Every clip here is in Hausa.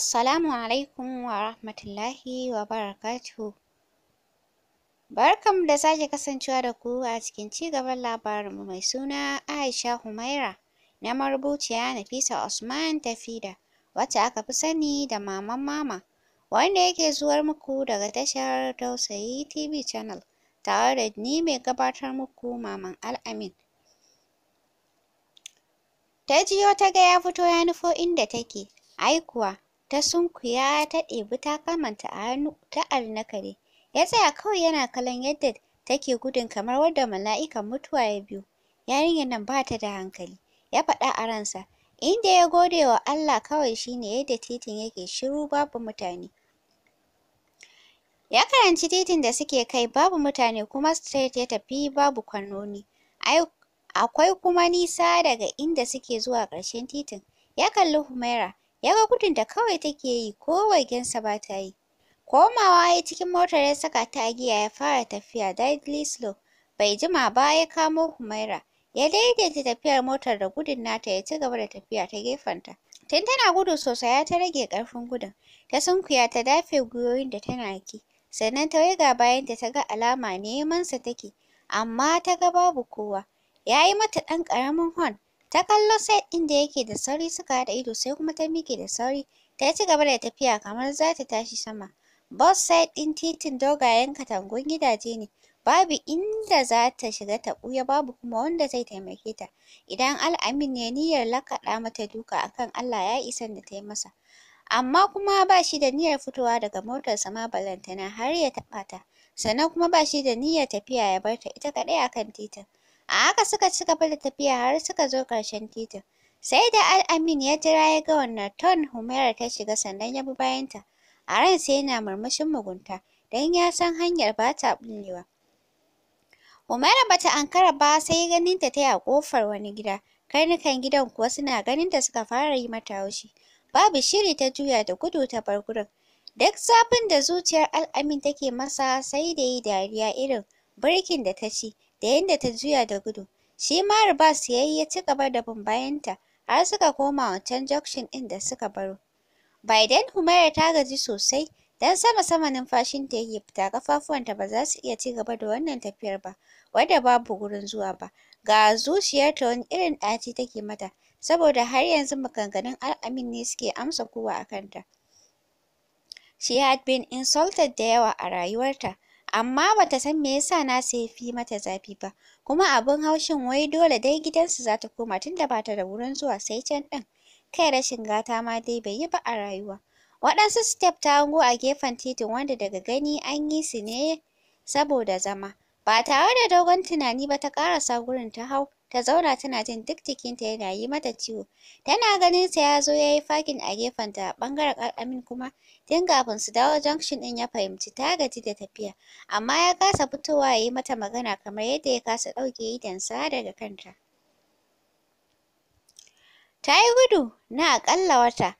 Assalamu alaikum wa rahmatullahi wa barakatuhu. Barkam da sake kasancewa da ku a cikin ci gaban labarinmu mai suna Aisha Humaira na marubuciya Nafisa Usman Tafida wacce aka fi sani da Maman Mama wanda yake zuwar muku daga tashar tausayi TV Channel tare da ni mai gabatar muku Maman Al'amin. Ta jiyo ta ga ya fito ya nufo inda take, ai kuwa ta sunkuya ta ɗebi ta kamanta a hannu ta kare. ya tsaya kawai yana kallon yadda take gudun kamar wadda mala'ikan mutuwa ya biyu. yarinyar nan ba ta da hankali ya faɗa a ransa inda ya gode wa Allah kawai shine yadda titin yake shiru babu mutane ya karanci titin da suke kai babu mutane kuma straight ya tafi babu kwanoni akwai kuma nisa daga inda suke zuwa ƙarshen titin ya kalli Humaira ya ga gudun da kawai take yi ko waigensa ba ta yi. Komawa ya cikin motar ya saka ta a giya ya fara tafiya deadly slow. Bai jima ba ya kamo Humaira. Ya daidaita tafiyar motar da gudun nata ya ci gaba da tafiya ta gefenta. Tun tana gudu sosai ya ta rage ƙarfin gudun. Ta sunkuya ta dafe gwiwoyin da tana ki. Sannan ta waiga bayanta ta ga alama nemansa take. Amma ta ga babu kowa. Ya yi mata ɗan ƙaramin horn. Ta kallo set ɗin da yake da sauri suka haɗa ido sai kuma ta miƙe da sauri ta ci gaba da tafiya kamar za ta tashi sama. Boss said ɗin titin dogayen katangon gidaje ne, babu inda za ta shiga ta ɓuya babu kuma wanda zai taimake ta. Idan Al'amin ne niyyar lakaɗa mata duka akan Allah ya isan da ta yi masa. Amma kuma ba shi da niyyar fitowa daga motarsa ma balantana har ya taɓa ta, sannan kuma ba shi da niyyar tafiya ya bar ta ita kaɗai akan titin. A haka suka ci gaba da tafiya har suka zo ƙarshen titin. Sai da al'amin ya jira ya ga wannan ton Humaira ta shiga sannan ya bi bayanta. A ran sai yana murmushin mugunta don ya san hanyar ba ta ɓullewa. Humaira bata ankara ba sai ganinta ta yi a ƙofar wani gida. Karnukan gidan kuwa suna ganin ta suka fara yi mata haushi. Babu shiri ta juya da gudu ta bar gurin. Duk zafin da zuciyar Al'amin take masa sai da yi dariya irin birkin da ta ci. da yadda ta juya da gudu. Shi ma Ribas ya yi ci gaba da bin bayanta har suka koma wancan junction ɗin da suka baro. By then Humaira ta gaji sosai don sama-sama numfashinta yake fita ƙafafuwanta ba za su iya ci gaba da wannan tafiyar ba wadda babu gurin zuwa ba. Ga zuciyarta wani irin ɗaci take mata saboda har yanzu maganganun Al'amin ne suke amsa kowa a kanta. She had been insulted da yawa a rayuwarta amma bata san me yasa nasa ya fi mata zafi ba kuma abin haushin wai dole dai gidansu zata koma tunda bata da wurin zuwa sai can ɗin kai rashin gata ma dai bai yi ba a rayuwa waɗansu step ta hango a gefen titin wanda daga gani an yi su ne saboda zama ba tare da dogon tunani ba ta karasa gurin ta hau ta zauna tana jin duk jikinta yana yi mata ciwo. Tana ganin sa ya zo ya yi fakin a gefenta, ɓangaren Al'amin kuma tun kafin su dawo junction ɗin ya fahimci ta gaji da tafiya, amma ya kasa fitowa yayi mata magana kamar yadda ya kasa ɗauke idonsa daga kanta. Ta yi gudu na aƙalla wata.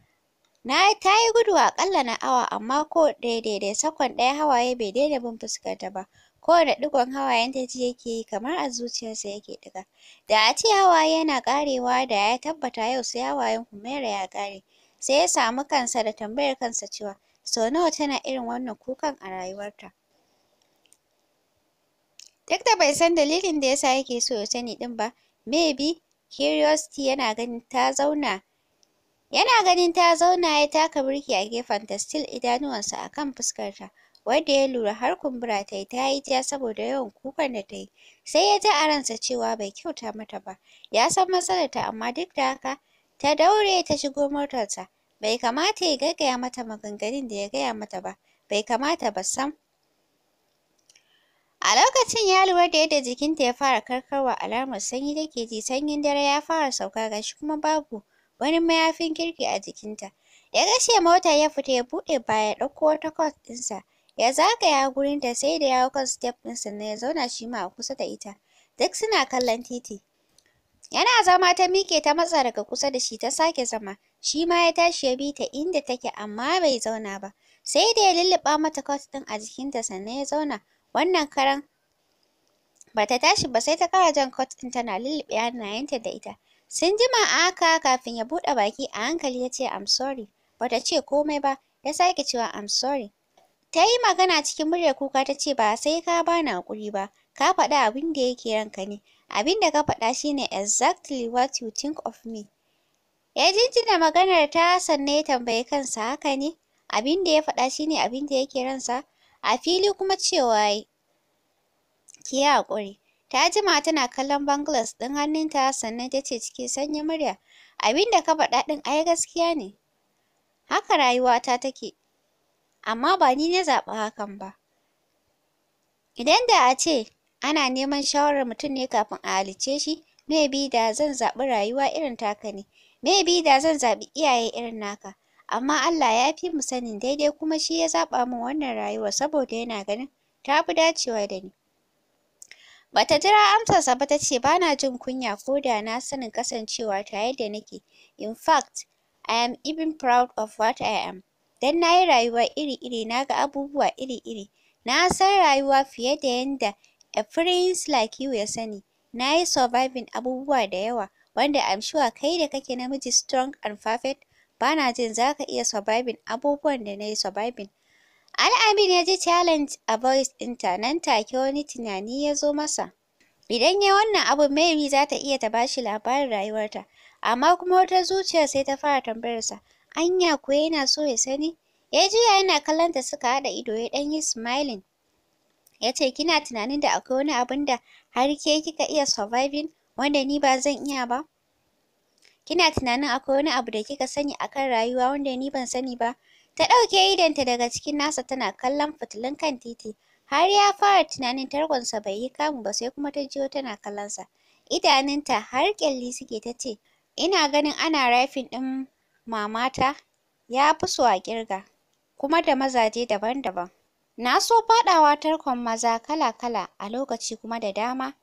Na tayi gudu aƙalla na awa amma ko daidai da sakon ɗaya hawaye bai daina bin fuskarta ba. kowane ɗigon hawayenta ji yake yi kamar a zuciyarsa yake ɗiga. Da a ce hawaye yana ƙarewa da ya tabbata yau sai hawayen Humaira ya ƙare. Sai ya samu kansa da tambayar kansa cewa sau nawa tana irin wannan kukan a rayuwarta. Duk da bai san dalilin da yasa yake so ya sani ɗin ba, be curiosity yana ganin ta zauna yana ganin ta zauna ya taka birki a gefenta still idanuwansa akan fuskarta. Wanda ya lura har kumbura ta yi ta yi ja saboda yawan kukan da ta yi. Sai ya ji a ransa cewa bai kyauta mata ba, ya san matsalar ta amma duk da haka ta daure ta shigo motarsa. Bai kamata ya gaggaya mata maganganun da ya gaya mata ba, bai kamata ba sam. A lokacin ya lura da yadda jikinta ya fara karkarwa alamar sanyi take ji, sanyin dare ya fara sauka gashi kuma babu wani mayafin kirki a jikinta. Ya gashe mota ya fita ya buɗe baya ya ɗauko wata coat ɗinsa ya zagaya gurinta sai da ya hau kan step ɗin sannan ya zauna shi ma a kusa da ita duk suna kallon titi yana zama ta mike ta matsa daga kusa da shi ta sake zama shi ma ya tashi ya bi ta inda take amma bai zauna ba sai da ya lulluɓa mata kot ɗin a jikinta sannan ya zauna wannan karan ba ta tashi ba sai ta ƙara jan kot ɗin tana lulluɓe hannayenta da ita sun jima a haka kafin ya buɗe baki a hankali ya ce I'm sorry ba ta ce komai ba ya sake cewa I'm sorry Ta yi magana cikin muryar kuka ta ce ba sai ka bani haƙuri ba, ka faɗi abin da yake ranka ne. Abin da ka faɗa shi ne exactly what you think of me. Ya jinjina maganar ta sannan ya tambayi kansa haka ne, abin da ya faɗa shi ne abin da yake ransa, a fili kuma cewa yi ki yi haƙuri. Ta jima tana kallon bangles ɗin hannunta sannan ta ce cikin sanyin murya, abin da ka faɗa ɗin ai gaskiya ne. Haka rayuwata take, amma ba ni na zaɓi hakan ba. Idan da a ce ana neman shawarar mutum ne kafin a halicce shi, maybe da zan zaɓi rayuwa irin taka ne, maybe da zan zaɓi iyaye irin naka. Amma Allah ya fi mu sanin daidai kuma shi ya zaɓa min wannan rayuwa saboda yana ganin ta fi dacewa da ni. Bata jira amsarsa ba ta ce ba na jin kunya ko da na sanin kasancewa ta yadda nake. In fact, I am even proud of what I am. Dan na yi rayuwa iri-iri, naga abubuwa iri-iri, na san rayuwa fiye da yanda a prince like you ya sani, nayi yi surviving abubuwa da yawa wanda I'm sure kai da kake namiji strong and perfect ba jin zaka iya surviving abubuwan da nayi yi surviving. Al'amin ya challenge a voice inta nan take wani tunani ya zo masa. Idan ya wannan abu Mary zata iya ta bashi labarin rayuwarta, amma kuma wata zuciyar sai ta fara tambayarsa, anya ko yana so ya sani ya juya yana kallon ta suka haɗa ido ya ɗan yi smiling ya ce kina tunanin da akwai wani abun da har ke kika iya surviving wanda ni ba zan iya ba kina tunanin akwai wani abu da kika sani akan rayuwa wanda ni ban sani ba ta ɗauke idonta daga cikin nasa tana kallon fitilun kan titi har ya fara tunanin tarkonsa bai yi kamu ba sai kuma ta jiyo tana kallonsa idanunta har ƙyalli suke ta ce ina ganin ana rafin ɗin mamata, ya fi so a ƙirga, kuma da mazaje daban-daban. Na so faɗawa tarkon maza kala-kala a lokaci kuma da dama,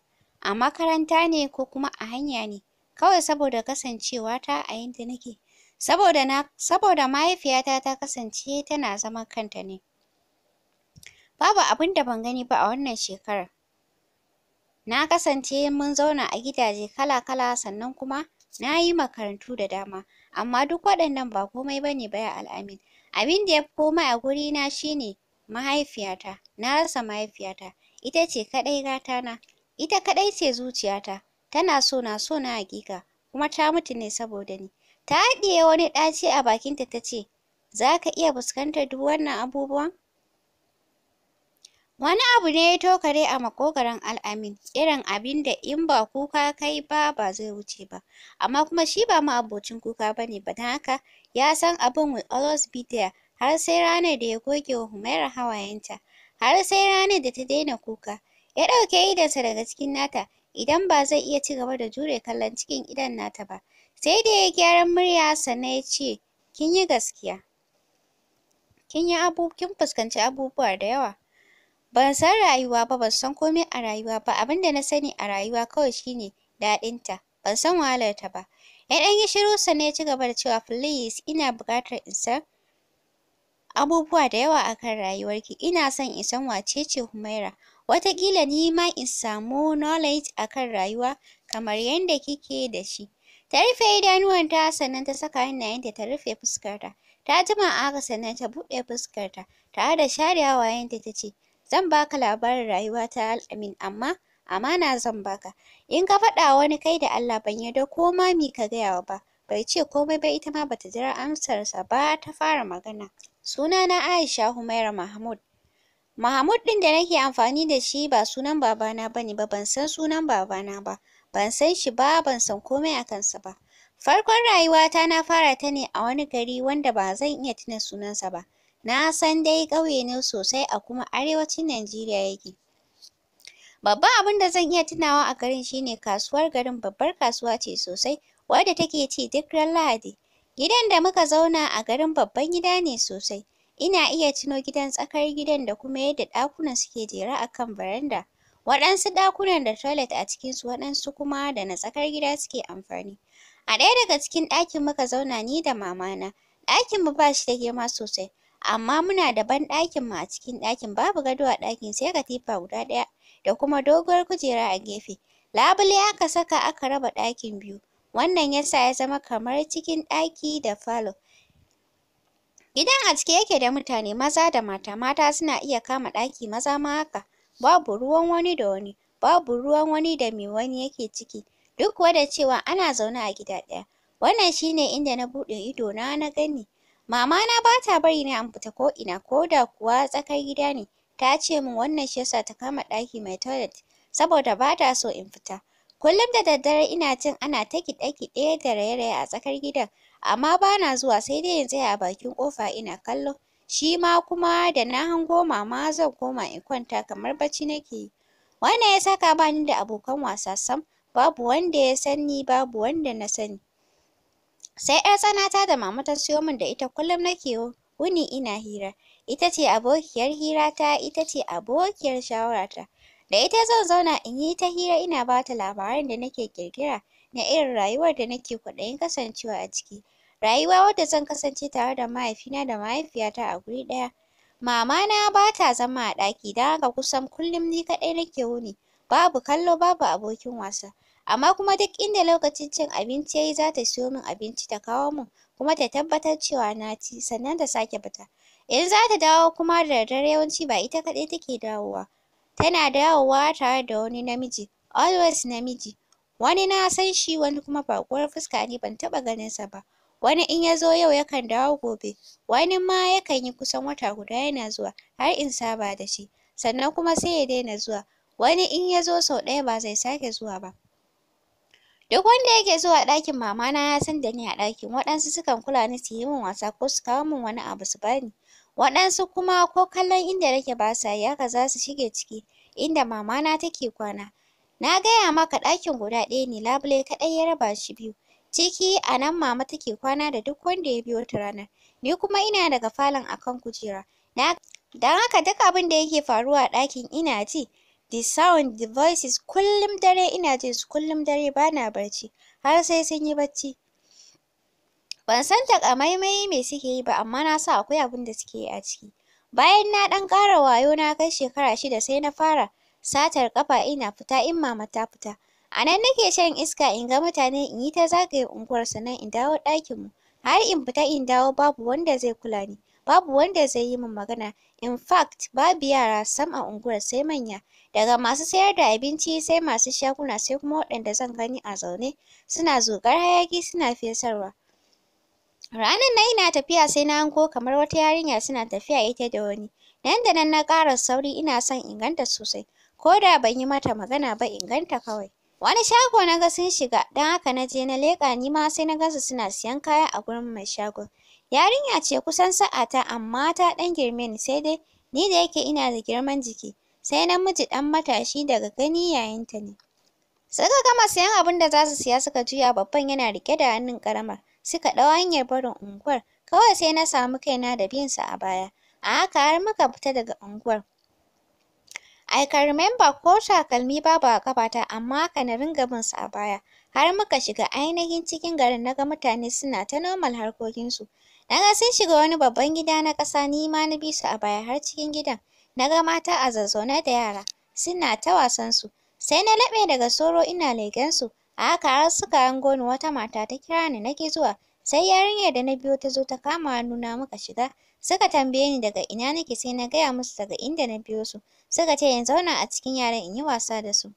a makaranta ne ko kuma a hanya ne, kawai saboda kasancewata a yanda nake, saboda saboda mahaifiyata ta kasance tana zaman kanta ne. Babu abin da ban gani ba a wannan shekarar. Na kasance mun zauna a gidaje kala-kala sannan kuma na yi makarantu da dama. amma duk waɗannan ba komai bane ba ya al'amin abin da ya fi komai a gurina shine mahaifiyata na rasa mahaifiyata ita ce kaɗai gatana ita kaɗai ce zuciyata tana so na so na hakika kuma ta mutu ne saboda ni ta haɗiye wani ɗaci a bakinta ta ce za ka iya fuskantar duk wannan abubuwan Wani abu ne ya tokare a makogaran Al'amin, irin abin da in ba kuka kai ba ba zai wuce ba. Amma kuma shi ba ma'abocin kuka ba ne, ba haka ya san abin will always be there har sai ranar da ya goge wa Humaira hawayenta, har sai ranar da ta daina kuka. Ya ɗauke idonsa daga cikin nata, idan ba zai iya ci gaba da jure kallon cikin idon nata ba. Sai da ya gyaran murya sannan ya ce, kin yi gaskiya, kin abu kin fuskanci abubuwa da yawa. Ban san rayuwa ba, ban san komai a rayuwa ba, abin da na sani a rayuwa kawai shine ta ban san wahalar ta ba. Ya ɗan yi shiru sannan ya ci gaba da cewa please ina buƙatar in san abubuwa da yawa akan rayuwarki, ina son in san wacece Humaira, wataƙila ni ma in samu knowledge akan rayuwa kamar yadda kike da shi. Ta rufe ta sannan ta saka hannayenta ta rufe fuskarta. Ta jima a haka sannan ta buɗe fuskarta tare da share hawayenta ta ce Zan baka labarin rayuwa ta al amma amana zan baka. In ka faɗa wani kai da Allah ban yarda ko ma me ka gaya wa ba. Bai ce komai ba ita ma bata jira amsarsa ba ta fara magana. Sunana Aisha Humaira Mahmud. Mahmud ɗin da nake amfani da shi ba sunan babana bane ba ban san sunan babana ba. Ban san shi ba ban san komai a kansa ba. Farkon rayuwata na fara ta ne a wani gari wanda ba zan iya tuna sunansa ba. Na san dai ƙauye ne sosai a kuma arewacin Najeriya yake. Babban abin da zan iya tunawa a garin shine kasuwar garin babbar kasuwa ce sosai wadda take ci duk ran Lahadi. Gidan da muka zauna a garin babban gida ne sosai. Ina iya tuno gidan tsakar gidan da kuma yadda ɗakunan suke jera a kan baranda. Waɗansu ɗakunan da toilet a cikinsu waɗansu kuma da na tsakar gida suke amfani. A ɗaya daga cikin ɗakin muka zauna ni da mamana. Ɗakinmu ba shi da girma sosai amma muna da banɗakin mu a cikin ɗakin babu gado a ɗakin sai katifa guda ɗaya da kuma doguwar kujera a gefe labule aka saka aka raba ɗakin biyu wannan yasa ya zama kamar cikin ɗaki da falo gidan a cike yake da mutane maza da mata mata suna iya kama ɗaki maza ma haka babu ruwan wani da wani babu ruwan wani da me wani yake ciki duk kuwa da cewa ana zaune a gida ɗaya wannan shine inda na buɗe idona na gani Mamana na ba ta bari na in fita ko'ina ko da kuwa tsakar gida ne. Ta ce min wannan shi yasa ta kama ɗaki mai toilet saboda ba ta so in fita. Kullum da daddare ina jin ana ta kiɗe-kiɗe da raye-raye a tsakar gidan amma ba na zuwa sai dai in tsaya a bakin ƙofa ina kallo. Shi ma kuma da na hango mama zan koma in kwanta kamar bacci nake yi. Wannan ya saka bani da abokan wasa sam, babu wanda ya san ni babu wanda na sani. sai ƴar tsanata da mama ta siyo min da ita kullum nake wuni ina hira ita ce abokiyar hirata ita ce abokiyar shawarata da ita zan zauna in yi ta hira ina ba ta labaran da nake ƙirƙira na irin rayuwar da nake kwaɗayin kasancewa a ciki rayuwa wadda zan kasance tare da mahaifina da mahaifiyata a guri ɗaya mama na ba ta zama a ɗaki don haka kusan kullum ni kaɗai nake wuni babu kallo babu abokin wasa amma kuma duk inda lokacin cin abinci yayi zata siyo min abinci ta kawo min kuma ta tabbatar cewa na ci sannan ta sake fita idan zata dawo kuma da daddare yawanci ba ita kaɗai take dawowa tana dawowa tare da wani namiji always namiji wani na san shi wani kuma baƙuwar fuska ne ban taɓa ganin sa ba wani in ya zo yau yakan dawo gobe wani ma yakan yi kusan wata guda yana zuwa har in saba da shi sannan kuma sai ya daina zuwa wani in ya zo sau ɗaya ba zai sake zuwa ba Duk wanda yake zuwa ɗakin mamana ya san da ni a ɗakin. Waɗansu sukan kula ni su yi min wasa ko su kawo min wani abu su bani. Waɗansu kuma ko kallon inda nake ba sa yi, haka za su shige ciki inda mamana take kwana. Na gaya maka ɗakin guda ɗaya ne, labule kaɗai ya raba shi biyu. Ciki a nan mama take kwana da duk wanda ya biyo ta ranar. Ni kuma ina daga falon akan kujera. Na don haka duk abin da yake faruwa a ɗakin ina ji. The sound, the voices, kullum dare ina jin su, kullum dare bana barci, har sai sun yi bacci. Ban san takamaimai me suke yi ba, amma na sa akwai abin da suke yi a ciki. Bayan na ɗan kara wayo na kai shekara shida sai na fara satar kafa ina fita in mama ta fita. A nan nake shan iska in ga mutane in yi ta zagaye unguwar sannan in dawo ɗakin mu. Har in fita in dawo babu wanda zai kula ni, babu wanda zai yi min magana. In fact, babu yara sam a unguwar sai manya. daga masu sayar da abinci sai masu shaguna sai kuma waɗanda zan gani a zaune suna zuƙar hayaki, suna fesarwa. Ranar na ina tafiya sai na hango kamar wata yarinya suna tafiya ita da wani. Nan da nan na ƙara sauri ina son in ganta sosai, ko da ban yi mata magana ba in ganta kawai. Wani shago na ga sun shiga, don haka na je na leƙa ni ma sai na gansu suna siyan kaya a gurin mai shagon. Yarinya ce kusan sa'ata amma ta ɗan girme ni sai dai ni da yake ina da girman jiki, sai namiji ɗan matashi daga gani ta ne. Suka gama sayan abun da za su siya suka juya babban yana rike da hannun ƙaramar. Suka ɗau hanyar barin unguwar, kawai sai na samu kaina da bin su a baya. A haka har muka fita daga unguwar. I can remember ko takalmi babu a ƙafata amma haka na ringa bin su a baya. Har muka shiga ainihin cikin garin na ga mutane suna ta normal harkokinsu. Na ga sun shiga wani babban gida na ƙasa ni ma na bi su a baya har cikin gidan. na ga mata a zazzaune da yara suna ta wasan su. sai na laɓe daga soro ina su a haka har suka hango ni wata mata ta kira ni nake zuwa sai yarinyar da na biyo ta zo ta kama hannuna muka shiga suka tambaye ni daga ina nake sai na gaya musu daga inda na biyo su suka ce in zauna a cikin yaran in yi wasa da su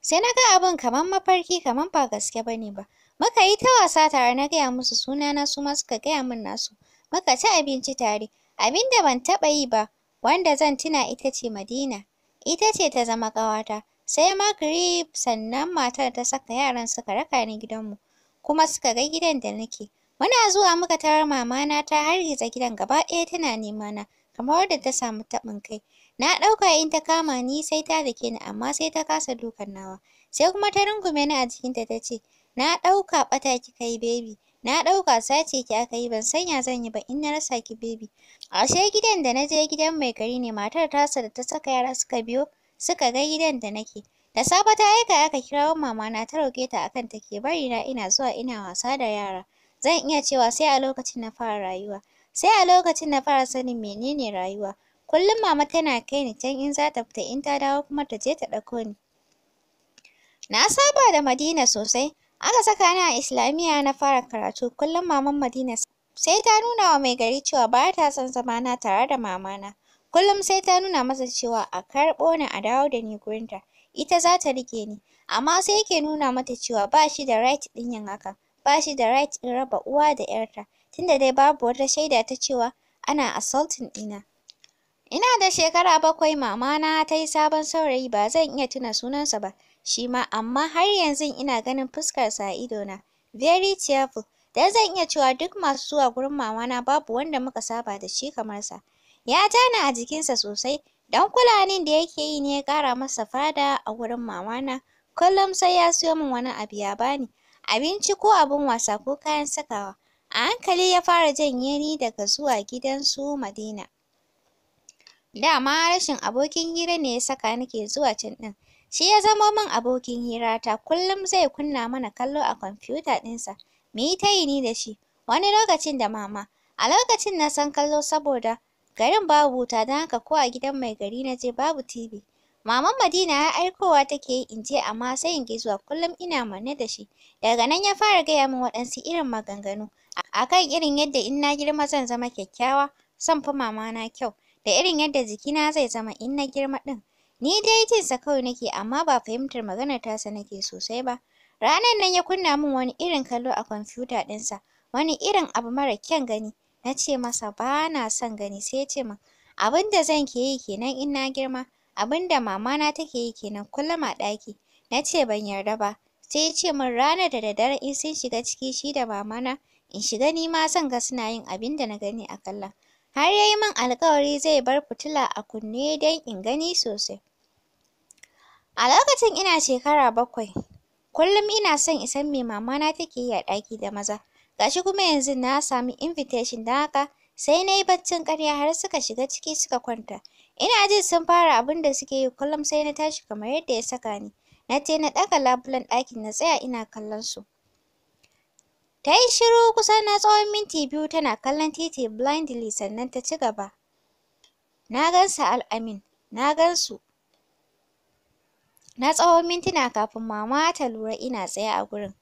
sai na ga abin kamar mafarki kamar ba gaske ba ne ba muka yi ta wasa tare na gaya musu sunana su ma suka gaya min nasu muka ci abinci tare abin da ban taɓa yi ba wanda zan tuna ita ce Madina. Ita ce ta zama ƙawata. Sai maghrib sannan matar ta saka yaran suka raka ni gidanmu, kuma suka ga gidan da nake. Muna zuwa muka tarar mamana ta hargitsa gidan gaba ɗaya tana na, kamar wadda ta samu taɓin kai. Na ɗauka in ta kama ni sai ta dake ni amma sai ta kasa dukan nawa. Sai kuma ta rungume ni a jikinta ta ce, na ɗauka ɓata ki yi baby. Na ɗauka sace ki aka yi ban san ya zan yi ba in na rasa ki baby. Ashe gidan da na je gidan mai gari ne matar tasa da ta saka yara suka biyo suka ga gidan da nake. Da safe ta aika aka kirawo mama na ta roƙe ta akan ta ke bari na ina zuwa ina wasa da yara. Zan iya cewa sai a lokacin na fara rayuwa. Sai a lokacin na fara sanin menene rayuwa. Kullum mama tana kai ni can in za ta fita in ta dawo kuma ta je ta ɗauko ni. Na saba da Madina sosai. Aka saka ni a Islamiyya na fara karatu. Kullum maman Madina sai ta nuna wa mai gari cewa ba ta son zamana tare da mamana. Kullum sai ta nuna masa cewa a karɓo ni a dawo da ni gurinta. Ita za ta riƙe ni. Amma sai yake nuna mata cewa ba shi da right ɗin yin haka Ba shi da right ɗin raba uwa da ‘yarta. Tunda dai babu wata shaida ta cewa ana assaulting ɗina. Ina da shekara bakwai mamana ta yi sabon saurayi ba zan iya tuna sunansa ba. Shima, amma har yanzu ina ganin fuskarsa a idona. Very cheerful Da zan iya cewa duk masu zuwa gurin mamana babu wanda muka saba da shi kamar sa. Ya tana a jikinsa sosai, dan kulanin da yake yi ne ya ƙara masa fada a gurin mamana. Kullum sai ya siyo min wani abu ya bani, abinci ko abin wasa ko kayan sakawa. A hankali ya fara janye ni daga zuwa gidan su Madina. Dama rashin abokin hira ne ya saka nake zuwa can ɗin. Shi ya zamo min abokin hira ta kullum zai kunna mana kallo a kwamfuta ɗinsa, mu yi ta yini da shi, wani lokacin da mama. A lokacin na san kallo saboda garin babu wuta don haka ko a gidan mai gari na je babu TV. Maman Madina ya aikowa take yi in je amma sai in gizo zuwa kullum ina manne da shi. Daga nan ya fara gaya min waɗansu irin maganganu a kan irin yadda in na girma zan zama kyakkyawa, son fi na kyau, da irin yadda jikina zai zama in na girma ɗin. Ni dai jinsa kawai nake amma ba fahimtar maganar tasa nake sosai ba. ranan nan ya kunna min wani irin kallo a kwamfuta ɗinsa, wani irin abu mara kyan gani. nace masa ba na son gani sai ya ce min abin zan ke yi kenan in na girma, abin da mamana take yi kenan kullum a ɗaki. nace ban yarda ba, sai ya ce min ranar da daddare in sun shiga ciki shi da mamana in shiga ni ma zan ga suna yin abin da na gani a kallon. har ya yi min alƙawari zai bar fitila a kunne don in gani sosai. A lokacin ina shekara bakwai, kullum ina son isan san me mamana take yi a ɗaki da maza. Gashi kuma yanzu na sami invitation don haka sai na yi baccin ƙarya har suka shiga ciki suka kwanta. Ina jin sun fara abin da suke yi kullum sai na tashi kamar yadda ya saka ni. Na je na ɗaga labulen ɗakin na tsaya ina kallon su. Ta yi shiru kusa na tsawon minti biyu tana kallon titi blindly sannan ta ci gaba. Na gansu al'amin, na gansu. Na tsawon mintuna kafin mama ta lura ina tsaye a gurin.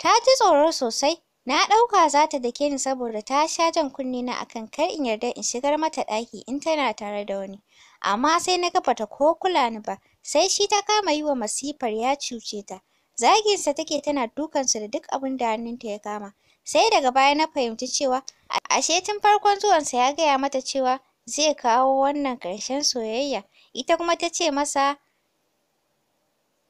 Ta ji tsoro sosai, na ɗauka za ta dake ni saboda ta sha jan kunnena a kan kar in yarda in shigar mata ɗaki in tana tare da wani. Amma sai na ga ba ta ko kula ni ba, sai shi ta kama yi wa masifar ya cuce ta. Zaginsa take tana dukansa da duk abin da hannunta ya kama. Sai daga baya na fahimci cewa ashe tun farkon zuwansa ya gaya mata cewa zai kawo wannan ƙarshen soyayya. Ita kuma ta ce masa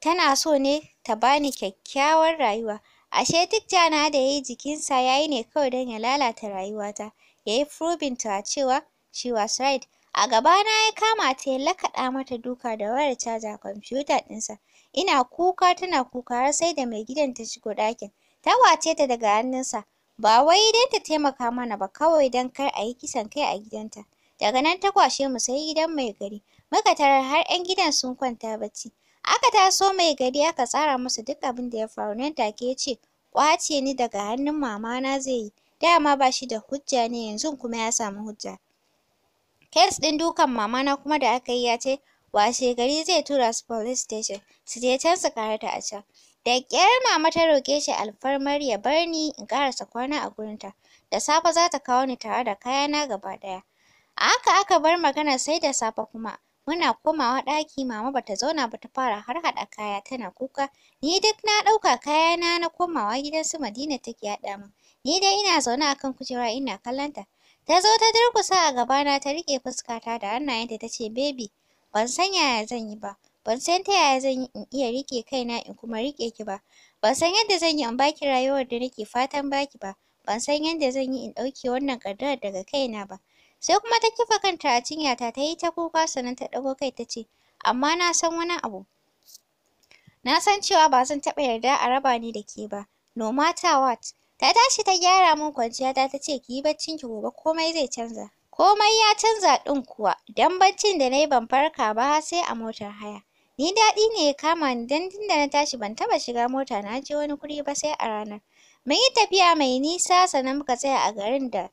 tana so ne ta bani kyakkyawar rayuwa. Ashe duk jana da yayi jikinsa yayi ne kawai don ya lalata rayuwata, yayi yi ta cewa she was right. A gabana ya kama ta ya lakaɗa mata duka da wayar caja kwamfuta ɗinsa. Ina kuka tana kuka har sai da mai gidan ta shigo ɗakin. Ta wace ta daga hannunsa. Ba wai don ta taimaka mana ba kawai don kar a yi kisan kai a gidanta. Daga nan ta kwashe mu sai gidan mai gari. Muka tarar har 'yan gidan sun kwanta bacci. Aka taso mai gari aka tsara masa duk abin da ya faru nan take ya ce ƙwace ni daga hannun mamana zai yi. Dama ba shi da hujja ne yanzun kuma ya samu hujja. Kes ɗin dukan mamana kuma da aka yi ya ce washe gari zai tura su police station su je can su ta a can. Da ƙyar mama ta roƙe shi alfarmar ya bar ni in ƙarasa kwana a ta. Da safe za ta kawo ni tare da kayana gaba ɗaya. A haka aka bar magana sai da safe kuma. Muna komawa ɗaki mama bata zauna ba ta fara har haɗa kaya tana kuka. Ni duk na ɗauka kayana na komawa gidan su Madina take haɗa min. Ni dai ina zaune a kan kujera ina kallonta. Ta zo ta durƙusa a gabana ta riƙe fuskata da hannayenta ta ce, Baby, ban san yaya zan yi ba, ban san ta yaya zan yi in iya riƙe kaina in kuma riƙe ki ba, ban san yadda zan yi in baki rayuwar da nake fatan baki ba, ban san yadda zan yi in ɗauke wannan ƙaddarar daga kaina ba. Sai kuma ta kifa kanta a cinya ta yi ta kuka sannan ta ɗago kai ta ce, Amma na san wani abu. Na san cewa ba zan taɓa yarda a raba ni da ke ba, no matter what. Ta tashi ta gyara min kwanciya ta ce ki yi baccin ki gobe komai zai canza. Komai ya canza ɗin kuwa, dan baccin da nayi ban farka ba sai a motar haya. Ni daɗi ne ya kama ni dan tun na tashi ban taba shiga mota na je wani guri ba sai a ranar. Mun yi tafiya mai nisa sannan muka tsaya a garin da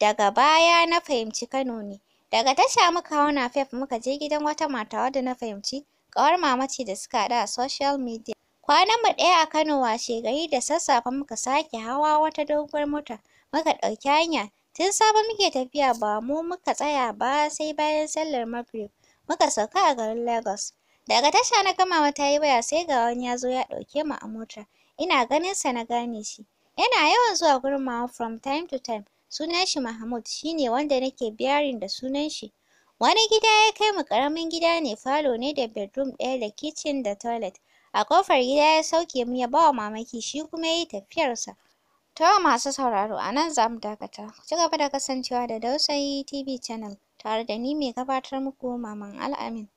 daga baya na fahimci Kano ne. Daga tasha muka hau nafef muka je gidan wata mata wadda na fahimci ƙawar mama ce da suka haɗu a social media. Kwanan mu ɗaya a Kano washegari da sassafe muka sake hawa wata doguwar mota, muka ɗauki hanya. Tun safe muke tafiya ba mu muka tsaya ba sai bayan sallar Magrib muka sauka a garin Lagos. Daga tasha na gama ta yi waya sai ga wani ya zo ya ɗauke mu a mota. Ina ganinsa na gane shi. Yana yawan zuwa gurin mama from time to time. Sunan shi Mahmud, shi ne wanda nake biyarin da sunan shi. Wani gida ya kai mu ƙaramin gida ne, falo ne da bedroom ɗaya da kitchen da toilet. a ƙofar gida ya sauke mu ya bawa mamaki shi kuma yayi tafiyarsa to masu sauraro a nan zamu dakata ci gaba da kasancewa da Dausayi TV channel tare da ni mai gabatar muku Maman Al-Amin."